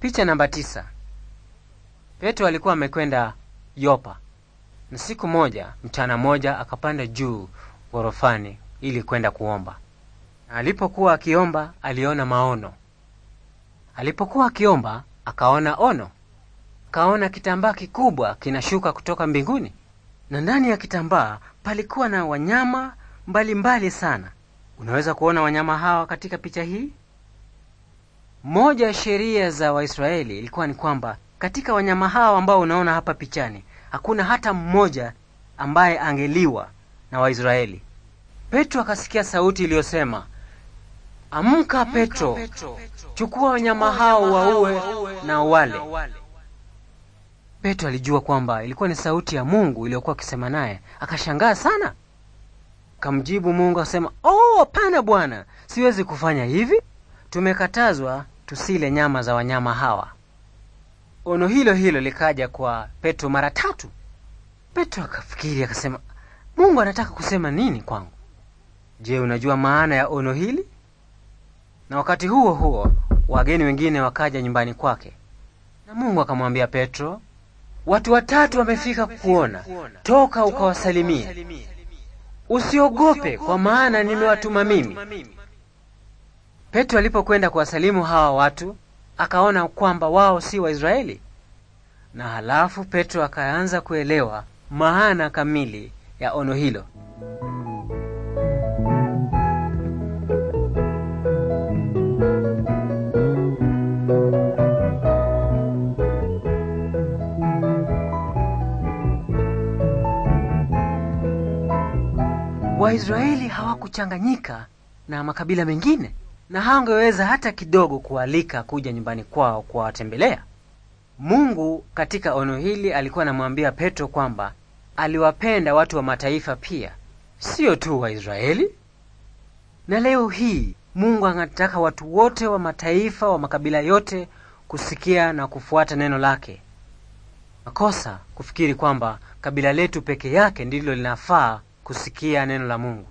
Picha namba tisa. Petro alikuwa amekwenda Yopa, na siku moja mchana mmoja akapanda juu ghorofani ili kwenda kuomba. Na alipokuwa akiomba aliona maono. Alipokuwa akiomba akaona ono, akaona kitambaa kikubwa kinashuka kutoka mbinguni, na ndani ya kitambaa palikuwa na wanyama mbalimbali mbali sana. Unaweza kuona wanyama hawa katika picha hii. Moja ya sheria za Waisraeli ilikuwa ni kwamba katika wanyama hao ambao unaona hapa pichani, hakuna hata mmoja ambaye angeliwa na Waisraeli. Petro akasikia sauti iliyosema, amka Petro, chukua wanyama hao waue na wale. Petro alijua kwamba ilikuwa ni sauti ya Mungu iliyokuwa akisema naye, akashangaa sana. Kamjibu Mungu akasema, oh, hapana Bwana, siwezi kufanya hivi, tumekatazwa tusile nyama za wanyama hawa. Ono hilo hilo likaja kwa Petro mara tatu. Petro akafikiri akasema, Mungu anataka kusema nini kwangu? Je, unajua maana ya ono hili? Na wakati huo huo wageni wengine wakaja nyumbani kwake, na Mungu akamwambia Petro, watu watatu wamefika kukuona, toka ukawasalimia. Usiogope, kwa maana nimewatuma mimi. Petro alipokwenda kuwasalimu hawa watu akaona kwamba wao si Waisraeli, na halafu Petro akaanza kuelewa maana kamili ya ono hilo. Waisraeli hawakuchanganyika na makabila mengine na hawangeweza hata kidogo kualika kuja nyumbani kwao kuwatembelea. Mungu katika ono hili alikuwa anamwambia Petro kwamba aliwapenda watu wa mataifa pia, siyo tu Waisraeli. Na leo hii Mungu anataka watu wote wa mataifa, wa makabila yote kusikia na kufuata neno lake. Makosa kufikiri kwamba kabila letu peke yake ndilo linafaa kusikia neno la Mungu.